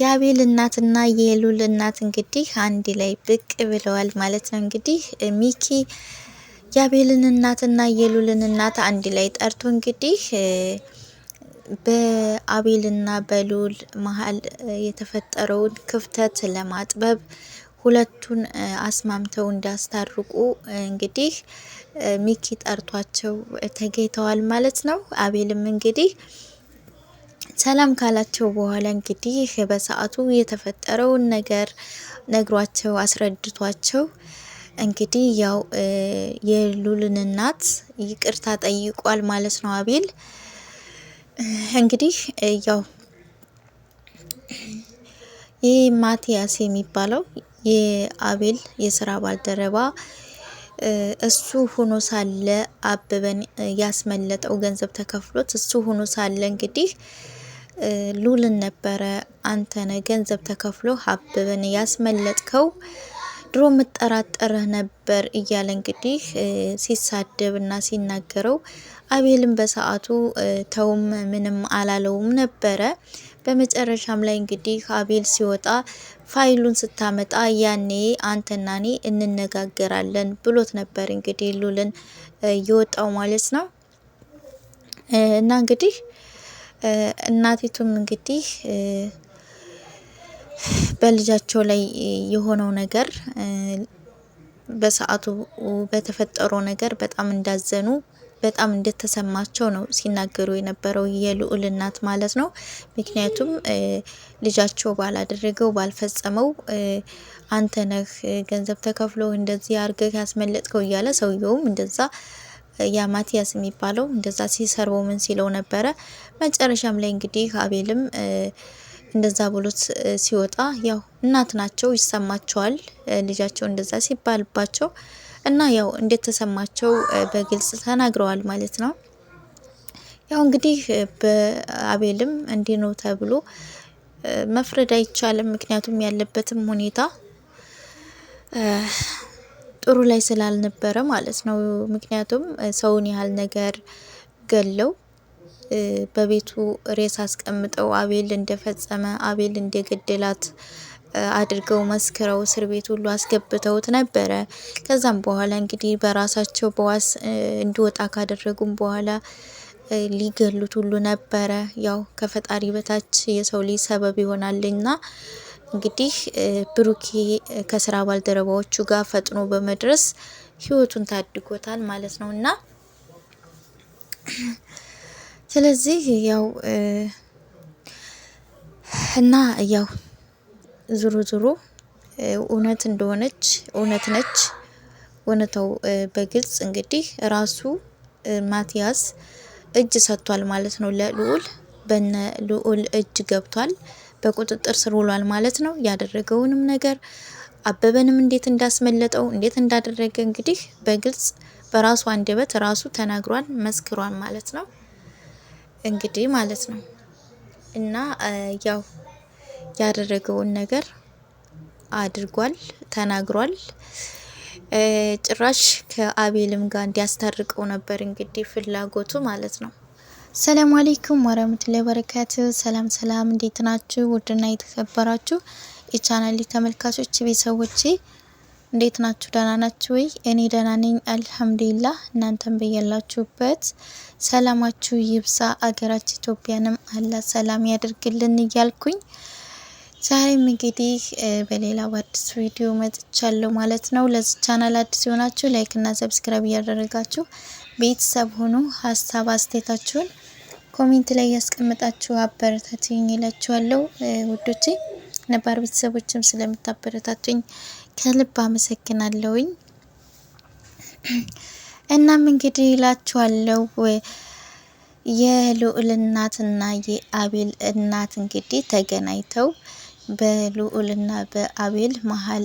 የአቤል እናትና የሉል እናት እንግዲህ አንድ ላይ ብቅ ብለዋል ማለት ነው። እንግዲህ ሚኪ የአቤልን እናትና የሉልን እናት አንድ ላይ ጠርቶ እንግዲህ በአቤልና በሉል መሀል የተፈጠረውን ክፍተት ለማጥበብ ሁለቱን አስማምተው እንዳስታርቁ እንግዲህ ሚኪ ጠርቷቸው ተገኝተዋል ማለት ነው። አቤልም እንግዲህ ሰላም ካላቸው በኋላ እንግዲህ በሰዓቱ የተፈጠረውን ነገር ነግሯቸው አስረድቷቸው እንግዲህ ያው የሉልን እናት ይቅርታ ጠይቋል ማለት ነው። አቤል እንግዲህ ያው ይህ ማቲያስ የሚባለው የአቤል የስራ ባልደረባ እሱ ሆኖ ሳለ አበበን ያስመለጠው ገንዘብ ተከፍሎት እሱ ሆኖ ሳለ እንግዲህ ሉልን ነበረ አንተነ ገንዘብ ተከፍሎ ሀብብን ያስመለጥከው ድሮ የምጠራጠርህ ነበር እያለ እንግዲህ ሲሳደብና ሲናገረው አቤልም በሰዓቱ ተውም ምንም አላለውም ነበረ። በመጨረሻም ላይ እንግዲህ አቤል ሲወጣ ፋይሉን ስታመጣ ያኔ አንተና እኔ እንነጋገራለን ብሎት ነበር እንግዲህ ሉልን የወጣው ማለት ነው እና እንግዲህ እናቲቱም እንግዲህ በልጃቸው ላይ የሆነው ነገር በሰዓቱ በተፈጠረው ነገር በጣም እንዳዘኑ በጣም እንደተሰማቸው ነው ሲናገሩ የነበረው የልዑል እናት ማለት ነው። ምክንያቱም ልጃቸው ባላደረገው ባልፈጸመው አንተ ነህ ገንዘብ ተከፍሎ እንደዚህ አርገህ ያስመለጥከው እያለ ሰውየውም እንደዛ ያ ማቲያስ የሚባለው እንደዛ ሲሰርበው ምን ሲለው ነበረ። መጨረሻም ላይ እንግዲህ አቤልም እንደዛ ብሎት ሲወጣ ያው እናት ናቸው ይሰማቸዋል፣ ልጃቸው እንደዛ ሲባልባቸው እና ያው እንዴት ተሰማቸው በግልጽ ተናግረዋል ማለት ነው። ያው እንግዲህ በአቤልም እንዲህ ነው ተብሎ መፍረድ አይቻልም። ምክንያቱም ያለበትም ሁኔታ ጥሩ ላይ ስላልነበረ ማለት ነው። ምክንያቱም ሰውን ያህል ነገር ገለው በቤቱ ሬስ አስቀምጠው አቤል እንደፈጸመ አቤል እንደገደላት አድርገው መስክረው እስር ቤት ሁሉ አስገብተውት ነበረ። ከዛም በኋላ እንግዲህ በራሳቸው በዋስ እንዲወጣ ካደረጉም በኋላ ሊገሉት ሁሉ ነበረ። ያው ከፈጣሪ በታች የሰው ልጅ ሰበብ ይሆናልና እንግዲህ ብሩኬ ከስራ ባልደረባዎቹ ጋር ፈጥኖ በመድረስ ህይወቱን ታድጎታል ማለት ነው እና ስለዚህ ያው እና ያው ዙሩ ዙሩ እውነት እንደሆነች እውነት ነች። እውነታው በግልጽ እንግዲህ ራሱ ማቲያስ እጅ ሰጥቷል ማለት ነው ለልዑል በነ ልዑል እጅ ገብቷል። በቁጥጥር ስር ውሏል ማለት ነው። ያደረገውንም ነገር አበበንም እንዴት እንዳስመለጠው እንዴት እንዳደረገ እንግዲህ በግልጽ በራሱ አንደበት ራሱ ተናግሯል፣ መስክሯል ማለት ነው እንግዲህ ማለት ነው እና ያው ያደረገውን ነገር አድርጓል፣ ተናግሯል። ጭራሽ ከአቤልም ጋር እንዲያስታርቀው ነበር እንግዲህ ፍላጎቱ ማለት ነው። ሰላም አለይኩም ወራህመቱላሂ ወበረካቱ። ሰላም ሰላም፣ እንዴት ናችሁ? ውድና የተከበራችሁ የቻናሌ ተመልካቾች ቤተሰቦች እንዴት ናችሁ? ደህና ናችሁ ወይ? እኔ ደህና ነኝ አልሐምዱሊላህ። እናንተም በያላችሁበት ሰላማችሁ ይብዛ፣ አገራችን ኢትዮጵያንም አላ ሰላም ያደርግልን እያልኩኝ ዛሬም እንግዲህ በሌላ በአዲስ ቪዲዮ መጥቻለሁ ማለት ነው። ለዚህ ቻናል አዲስ የሆናችሁ ላይክ እና ሰብስክራይብ እያደረጋችሁ ቤተሰብ ሆኑ። ሀሳብ አስተያየታችሁን ኮሜንት ላይ ያስቀምጣችሁ አበረታችሁኝ ይላችኋለሁ ውዶቼ። ነባር ቤተሰቦችም ስለምታበረታቱኝ ከልብ አመሰግናለሁኝ። እናም እንግዲህ ይላችኋለሁ የልዑል እናትና የአቤል እናት እንግዲህ ተገናኝተው በልዑልና በአቤል መሀል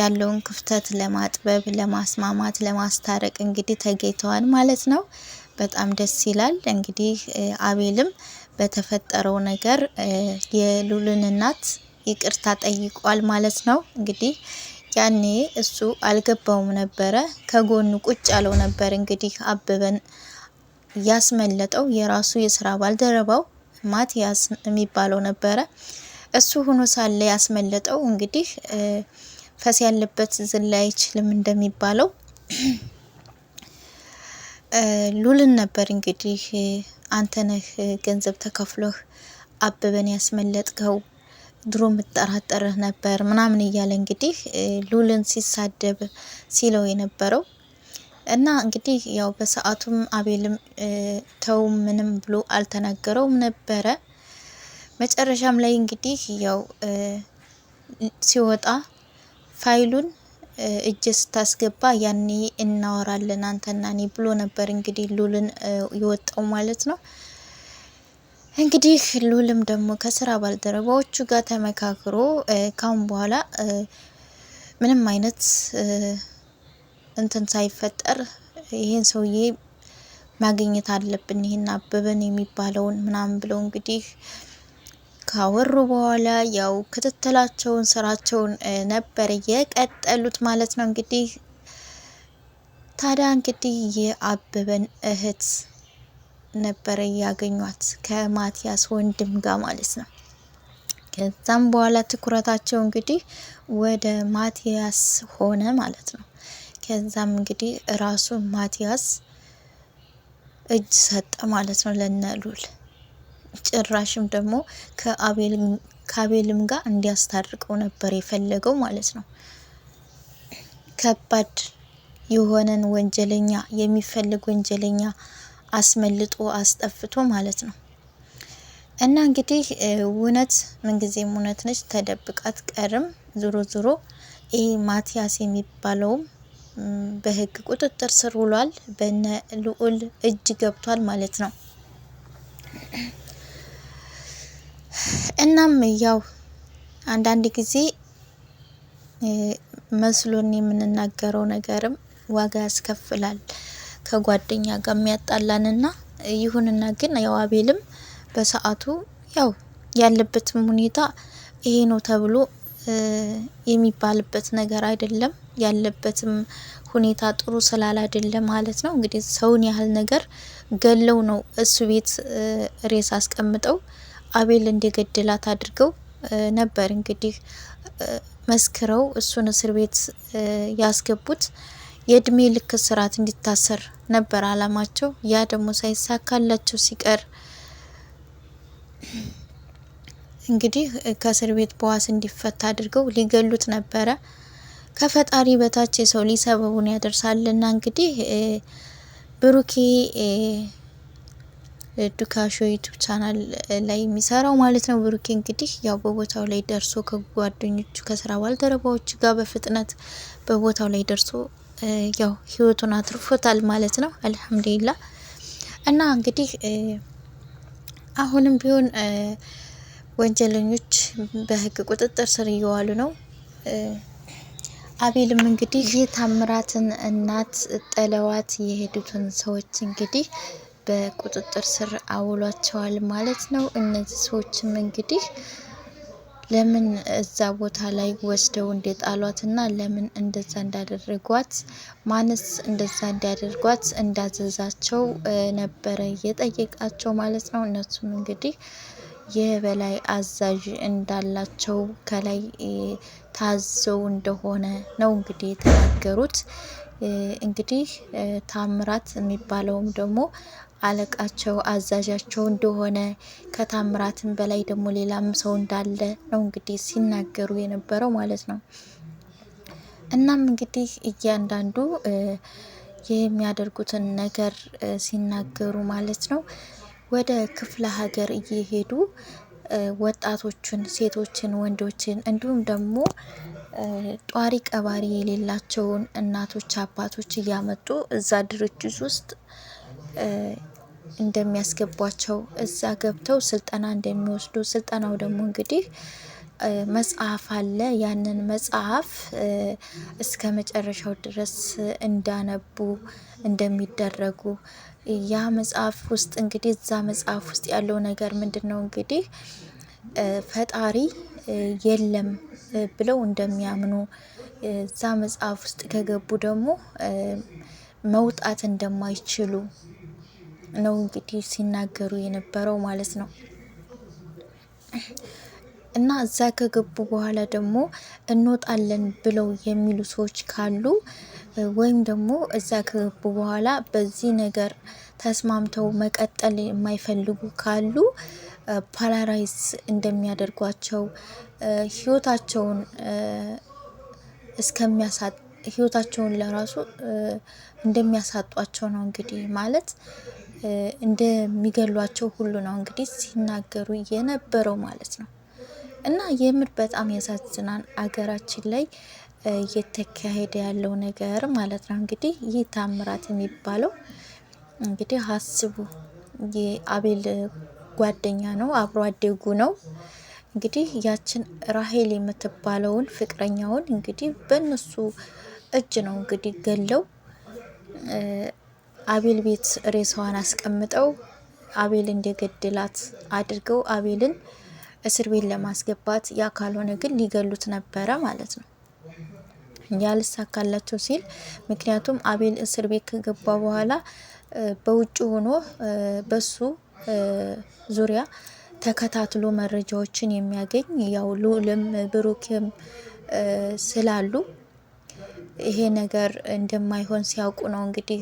ያለውን ክፍተት ለማጥበብ፣ ለማስማማት፣ ለማስታረቅ እንግዲህ ተገኝተዋል ማለት ነው። በጣም ደስ ይላል። እንግዲህ አቤልም በተፈጠረው ነገር የሉልን እናት ይቅርታ ጠይቋል ማለት ነው። እንግዲህ ያኔ እሱ አልገባውም ነበረ፣ ከጎኑ ቁጭ ያለው ነበር። እንግዲህ አበበን ያስመለጠው የራሱ የስራ ባልደረባው ማቲያስ የሚባለው ነበረ። እሱ ሆኖ ሳለ ያስመለጠው እንግዲህ ፈስ ያለበት ዝላ አይችልም እንደሚባለው ሉልን ነበር እንግዲህ አንተነህ ገንዘብ ተከፍሎህ አበበን ያስመለጥከው ድሮ የምጠራጠርህ ነበር ምናምን እያለ እንግዲህ ሉልን ሲሳደብ ሲለው የነበረው እና እንግዲህ ያው በሰዓቱም አቤልም ተው ምንም ብሎ አልተናገረውም ነበረ። መጨረሻም ላይ እንግዲህ ያው ሲወጣ ፋይሉን እጅ ስታስገባ ያኔ እናወራለን አንተና እኔ ብሎ ነበር እንግዲህ ሉልን የወጣው ማለት ነው። እንግዲህ ሉልም ደግሞ ከስራ ባልደረባዎቹ ጋር ተመካክሮ ካሁን በኋላ ምንም አይነት እንትን ሳይፈጠር ይህን ሰውዬ ማግኘት አለብን፣ ይህን አበበን የሚባለውን ምናምን ብለው እንግዲህ ካወሩ በኋላ ያው ክትትላቸውን ስራቸውን ነበር የቀጠሉት ማለት ነው። እንግዲህ ታዲያ እንግዲህ የአበበን እህት ነበረ ያገኟት ከማቲያስ ወንድም ጋር ማለት ነው። ከዛም በኋላ ትኩረታቸው እንግዲህ ወደ ማቲያስ ሆነ ማለት ነው። ከዛም እንግዲህ ራሱ ማቲያስ እጅ ሰጠ ማለት ነው ለነሉል ጭራሽም ደግሞ ከአቤልም ጋር እንዲያስታርቀው ነበር የፈለገው ማለት ነው። ከባድ የሆነን ወንጀለኛ የሚፈልግ ወንጀለኛ አስመልጦ አስጠፍቶ ማለት ነው። እና እንግዲህ እውነት ምንጊዜም እውነት ነች፣ ተደብቃት ቀርም ዞሮ ዞሮ ይህ ማቲያስ የሚባለውም በህግ ቁጥጥር ስር ውሏል። በነ ልዑል እጅ ገብቷል ማለት ነው። እናም ያው አንዳንድ ጊዜ መስሎን የምንናገረው ነገርም ዋጋ ያስከፍላል ከጓደኛ ጋር የሚያጣላንና ይሁንና ግን ያው አቤልም በሰዓቱ ያው ያለበትም ሁኔታ ይሄ ነው ተብሎ የሚባልበት ነገር አይደለም። ያለበትም ሁኔታ ጥሩ ስላል አይደለም ማለት ነው። እንግዲህ ሰውን ያህል ነገር ገለው ነው እሱ ቤት ሬስ አስቀምጠው አቤል እንዲገድላት አድርገው ነበር እንግዲህ መስክረው እሱን እስር ቤት ያስገቡት። የእድሜ ልክ እስራት እንዲታሰር ነበር አላማቸው። ያ ደግሞ ሳይሳካላቸው ሲቀር እንግዲህ ከእስር ቤት በዋስ እንዲፈታ አድርገው ሊገሉት ነበረ። ከፈጣሪ በታች የሰው ሊሰበቡን ያደርሳልና እንግዲህ ብሩኬ ዱካሾ ዩቱብ ቻናል ላይ የሚሰራው ማለት ነው። ብሩኬ እንግዲህ ያው በቦታው ላይ ደርሶ ከጓደኞቹ ከስራ ባልደረባዎች ጋር በፍጥነት በቦታው ላይ ደርሶ ያው ህይወቱን አትርፎታል ማለት ነው። አልሐምዱሊላ እና እንግዲህ አሁንም ቢሆን ወንጀለኞች በህግ ቁጥጥር ስር እየዋሉ ነው። አቤልም እንግዲህ የታምራትን እናት ጥለዋት የሄዱትን ሰዎች እንግዲህ በቁጥጥር ስር አውሏቸዋል ማለት ነው። እነዚህ ሰዎችም እንግዲህ ለምን እዛ ቦታ ላይ ወስደው እንደጣሏት እና ለምን እንደዛ እንዳደረጓት ማንስ እንደዛ እንዲያደርጓት እንዳዘዛቸው ነበረ የጠየቃቸው ማለት ነው። እነሱም እንግዲህ የበላይ አዛዥ እንዳላቸው ከላይ ታዘው እንደሆነ ነው እንግዲህ የተናገሩት። እንግዲህ ታምራት የሚባለውም ደግሞ አለቃቸው አዛዣቸው እንደሆነ ከታምራትን በላይ ደግሞ ሌላም ሰው እንዳለ ነው እንግዲህ ሲናገሩ የነበረው ማለት ነው። እናም እንግዲህ እያንዳንዱ የሚያደርጉትን ነገር ሲናገሩ ማለት ነው ወደ ክፍለ ሀገር እየሄዱ ወጣቶችን፣ ሴቶችን፣ ወንዶችን እንዲሁም ደግሞ ጧሪ ቀባሪ የሌላቸውን እናቶች፣ አባቶች እያመጡ እዛ ድርጅት ውስጥ እንደሚያስገቧቸው እዛ ገብተው ስልጠና እንደሚወስዱ ስልጠናው ደግሞ እንግዲህ መጽሐፍ አለ። ያንን መጽሐፍ እስከ መጨረሻው ድረስ እንዳነቡ እንደሚደረጉ ያ መጽሐፍ ውስጥ እንግዲህ እዛ መጽሐፍ ውስጥ ያለው ነገር ምንድን ነው እንግዲህ ፈጣሪ የለም ብለው እንደሚያምኑ እዛ መጽሐፍ ውስጥ ከገቡ ደግሞ መውጣት እንደማይችሉ ነው እንግዲህ ሲናገሩ የነበረው ማለት ነው። እና እዛ ከገቡ በኋላ ደግሞ እንወጣለን ብለው የሚሉ ሰዎች ካሉ ወይም ደግሞ እዛ ከገቡ በኋላ በዚህ ነገር ተስማምተው መቀጠል የማይፈልጉ ካሉ ፓላራይዝ እንደሚያደርጓቸው ህይወታቸውን እስከሚያሳ ህይወታቸውን ለራሱ እንደሚያሳጧቸው ነው እንግዲህ ማለት እንደሚገሏቸው ሁሉ ነው እንግዲህ ሲናገሩ የነበረው ማለት ነው። እና የምር በጣም ያሳዝናን አገራችን ላይ እየተካሄደ ያለው ነገር ማለት ነው። እንግዲህ ይህ ታምራት የሚባለው እንግዲህ አስቡ፣ የአቤል ጓደኛ ነው፣ አብሮ አደጉ ነው። እንግዲህ ያችን ራሄል የምትባለውን ፍቅረኛውን እንግዲህ በእነሱ እጅ ነው እንግዲህ ገለው አቤል ቤት ሬሳዋን አስቀምጠው አቤል እንደገደላት አድርገው አቤልን እስር ቤት ለማስገባት ያ ካልሆነ ግን ሊገሉት ነበረ ማለት ነው። ያልሳካላቸው ሲል ምክንያቱም አቤል እስር ቤት ከገባ በኋላ በውጭ ሆኖ በሱ ዙሪያ ተከታትሎ መረጃዎችን የሚያገኝ ያው ልዑልም ብሩክም ስላሉ ይሄ ነገር እንደማይሆን ሲያውቁ ነው እንግዲህ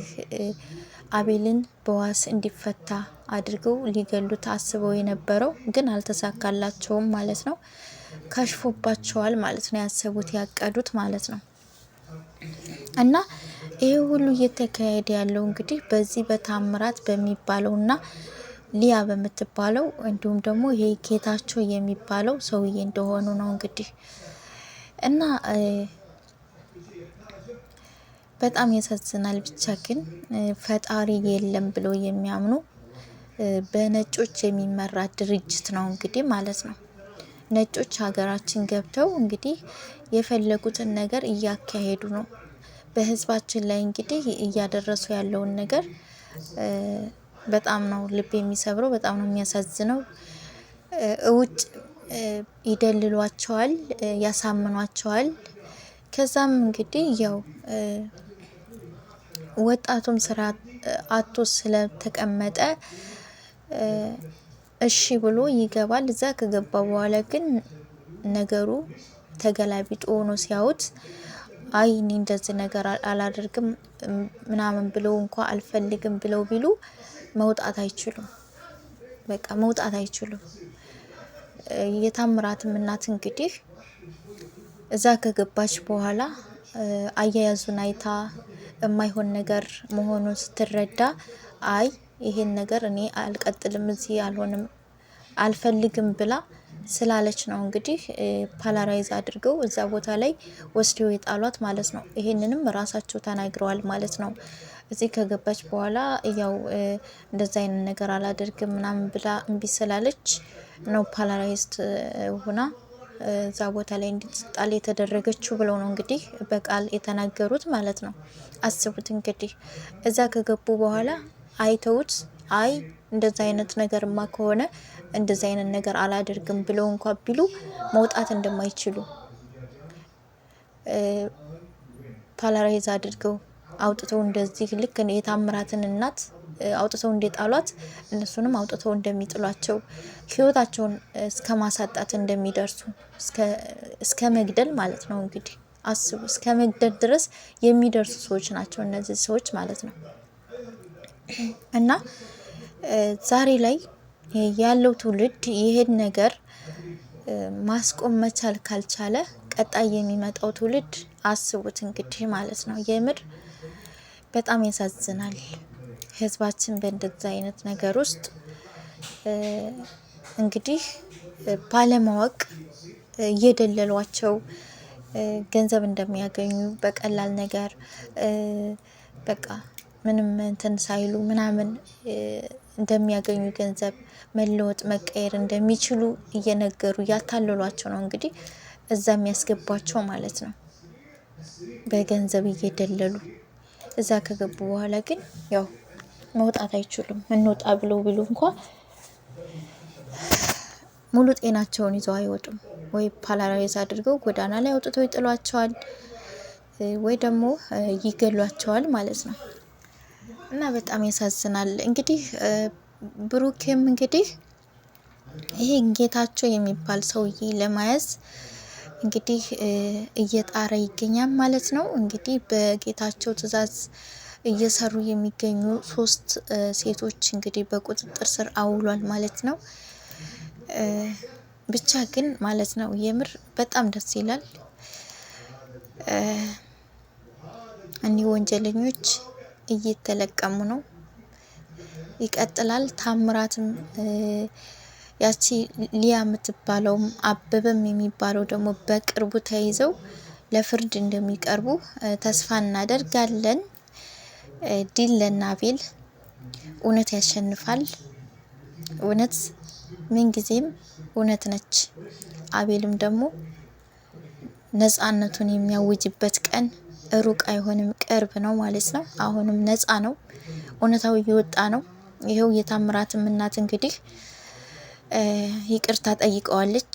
አቤልን በዋስ እንዲፈታ አድርገው ሊገሉት አስበው የነበረው ግን አልተሳካላቸውም ማለት ነው። ከሽፎባቸዋል ማለት ነው። ያሰቡት ያቀዱት ማለት ነው። እና ይሄ ሁሉ እየተካሄደ ያለው እንግዲህ በዚህ በታምራት በሚባለው እና ሊያ በምትባለው እንዲሁም ደግሞ ይሄ ጌታቸው የሚባለው ሰውዬ እንደሆኑ ነው እንግዲህ እና በጣም ያሳዝናል። ብቻ ግን ፈጣሪ የለም ብሎ የሚያምኑ በነጮች የሚመራ ድርጅት ነው እንግዲህ ማለት ነው። ነጮች ሀገራችን ገብተው እንግዲህ የፈለጉትን ነገር እያካሄዱ ነው። በህዝባችን ላይ እንግዲህ እያደረሱ ያለውን ነገር በጣም ነው ልብ የሚሰብረው፣ በጣም ነው የሚያሳዝነው። እውጭ ይደልሏቸዋል፣ ያሳምኗቸዋል። ከዛም እንግዲህ ያው ወጣቱም ስራ አቶ ስለተቀመጠ እሺ ብሎ ይገባል። እዛ ከገባ በኋላ ግን ነገሩ ተገላቢጦ ሆኖ ሲያዩት አይ እኔ እንደዚህ ነገር አላደርግም ምናምን ብለው እንኳ አልፈልግም ብለው ቢሉ መውጣት አይችሉም። በቃ መውጣት አይችሉም። የታምራትም እናት እንግዲህ እዛ ከገባች በኋላ አያያዙን አይታ የማይሆን ነገር መሆኑን ስትረዳ አይ ይሄን ነገር እኔ አልቀጥልም፣ እዚህ አልሆንም፣ አልፈልግም ብላ ስላለች ነው እንግዲህ ፓላራይዝ አድርገው እዛ ቦታ ላይ ወስደው የጣሏት ማለት ነው። ይሄንንም ራሳቸው ተናግረዋል ማለት ነው። እዚህ ከገባች በኋላ ያው እንደዛ አይነት ነገር አላደርግም ምናምን ብላ እምቢ ስላለች ነው ፓላራይዝድ ሁና እዛ ቦታ ላይ እንድትጣል የተደረገችው ብለው ነው እንግዲህ በቃል የተናገሩት ማለት ነው። አስቡት እንግዲህ እዛ ከገቡ በኋላ አይተውት አይ እንደዛ አይነት ነገርማ ከሆነ እንደዚ አይነት ነገር አላደርግም ብለው እንኳ ቢሉ መውጣት እንደማይችሉ ፓላራይዝ አድርገው አውጥተው እንደዚህ ልክ የታምራትን እናት አውጥተው እንደጣሏት እነሱንም አውጥተው እንደሚጥሏቸው ህይወታቸውን እስከ ማሳጣት እንደሚደርሱ እስከ መግደል ማለት ነው። እንግዲህ አስቡ፣ እስከ መግደል ድረስ የሚደርሱ ሰዎች ናቸው እነዚህ ሰዎች ማለት ነው። እና ዛሬ ላይ ያለው ትውልድ ይሄን ነገር ማስቆም መቻል ካልቻለ ቀጣይ የሚመጣው ትውልድ አስቡት እንግዲህ ማለት ነው። የምር በጣም ያሳዝናል። ህዝባችን በእንደዚህ አይነት ነገር ውስጥ እንግዲህ ባለማወቅ እየደለሏቸው ገንዘብ እንደሚያገኙ በቀላል ነገር በቃ ምንም እንትን ሳይሉ ምናምን እንደሚያገኙ ገንዘብ መለወጥ መቀየር እንደሚችሉ እየነገሩ እያታለሏቸው ነው እንግዲህ እዛ የሚያስገቧቸው ማለት ነው። በገንዘብ እየደለሉ እዛ ከገቡ በኋላ ግን ያው መውጣት አይችሉም። እንውጣ ብሎ ብሎ እንኳ ሙሉ ጤናቸውን ይዘው አይወጡም። ወይ ፓላራይዝ አድርገው ጎዳና ላይ አውጥተው ይጥሏቸዋል፣ ወይ ደግሞ ይገሏቸዋል ማለት ነው። እና በጣም ያሳዝናል። እንግዲህ ብሩኬም እንግዲህ ይሄ ጌታቸው የሚባል ሰውዬ ለመያዝ እንግዲህ እየጣረ ይገኛል ማለት ነው። እንግዲህ በጌታቸው ትዕዛዝ እየሰሩ የሚገኙ ሶስት ሴቶች እንግዲህ በቁጥጥር ስር አውሏል ማለት ነው። ብቻ ግን ማለት ነው የምር በጣም ደስ ይላል። እኒህ ወንጀለኞች እየተለቀሙ ነው። ይቀጥላል። ታምራትም ያቺ ሊያ የምትባለውም አበበም የሚባለው ደግሞ በቅርቡ ተይዘው ለፍርድ እንደሚቀርቡ ተስፋ እናደርጋለን። ዲል ለናቤል። እውነት ያሸንፋል። እውነት ምንጊዜም እውነት ነች። አቤልም ደግሞ ነጻነቱን የሚያውጅበት ቀን ሩቅ አይሆንም፣ ቅርብ ነው ማለት ነው። አሁንም ነጻ ነው፣ እውነታው እየወጣ ነው። ይኸው የታምራትም እናት እንግዲህ ይቅርታ ጠይቀዋለች።